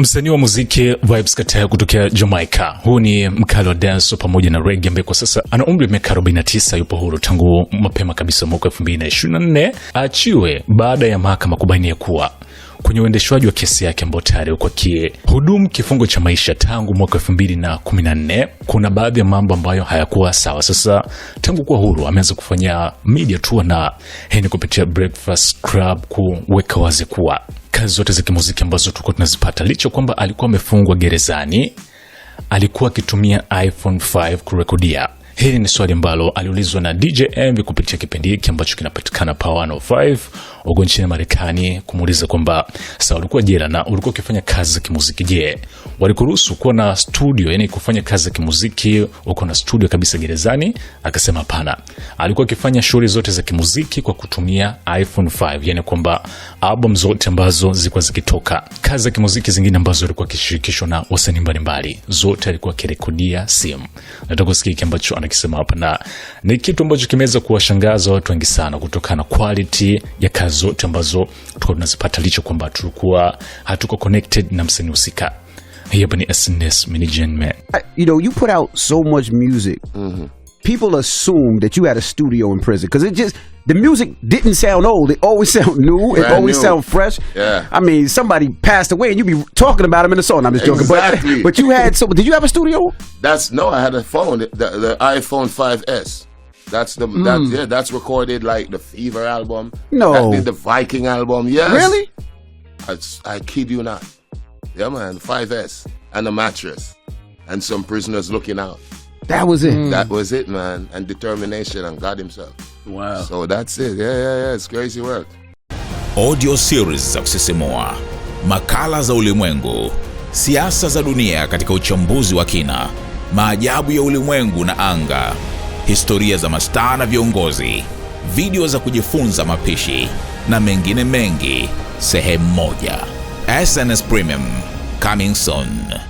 Msanii wa muziki Vybz Kartel kutokea Jamaica. Huu ni mkali wa dance pamoja na reggae ambaye kwa sasa ana umri wa miaka 49, yupo huru tangu mapema kabisa mwaka 2024 achiwe baada ya mahakama kubaini ya kuwa kwenye uendeshwaji wa kesi yake ambayo tayari kwa kihudumu kifungo cha maisha tangu mwaka 2014, kuna baadhi ya mambo ambayo hayakuwa sawa. Sasa tangu kuwa huru ameanza kufanya media tour na heni kupitia Breakfast Club kuweka wazi kuwa kazi zote za kimuziki ambazo tulikuwa tunazipata, licha kwamba alikuwa amefungwa gerezani, alikuwa akitumia iPhone 5 kurekodia Hili ni swali ambalo aliulizwa na DJ Envy kupitia kipindi hiki ambacho kinapatikana Power 105 huko nchini Marekani, kumuuliza kwamba sasa ulikuwa jela na ulikuwa ukifanya kazi za kimuziki, je, walikuruhusu kuwa na studio, yani kufanya kazi za kimuziki, uko na studio kabisa gerezani? Akasema hapana, alikuwa akifanya shughuli zote za kimuziki kwa kutumia iPhone 5, yani kwamba album zote ambazo zilikuwa zikitoka, kazi za kimuziki zingine ambazo alikuwa akishirikishwa na wasanii mbalimbali, zote alikuwa akirekodia simu. Nataka kusikia kile ambacho amekisema hapa, na ni kitu ambacho kimeweza kuwashangaza watu wengi sana kutokana na quality ya kazi zote ambazo tulikuwa tunazipata, licha kwamba tulikuwa hatuko connected na msanii husika. Hii hapa ni SNS Management. You know, you put out so much music. Mm-hmm. people assumed that you had a studio in prison because it just the music didn't sound old. It always sound new. Brand it always new. sound fresh. Yeah. I mean, somebody passed away and you be talking about him in the song. I'm just joking. Exactly. But, but you had so. Did you have a studio? That's no. I had a phone, the, the iPhone 5s. That's the mm. that's hmm. yeah. That's recorded like the Fever album. No. the Viking album. Yes. Really? I, I kid you not. Yeah, man. 5s and a mattress and some prisoners looking out. That was it. Mm. That was it, man. And determination and God Himself. Wow. So that's it. Yeah, yeah, yeah. It's crazy work. Audio series za kusisimua, makala za ulimwengu, siasa za dunia katika uchambuzi wa kina, maajabu ya ulimwengu na anga, historia za mastaa na viongozi, video za kujifunza mapishi na mengine mengi, sehemu moja. SNS Premium coming soon.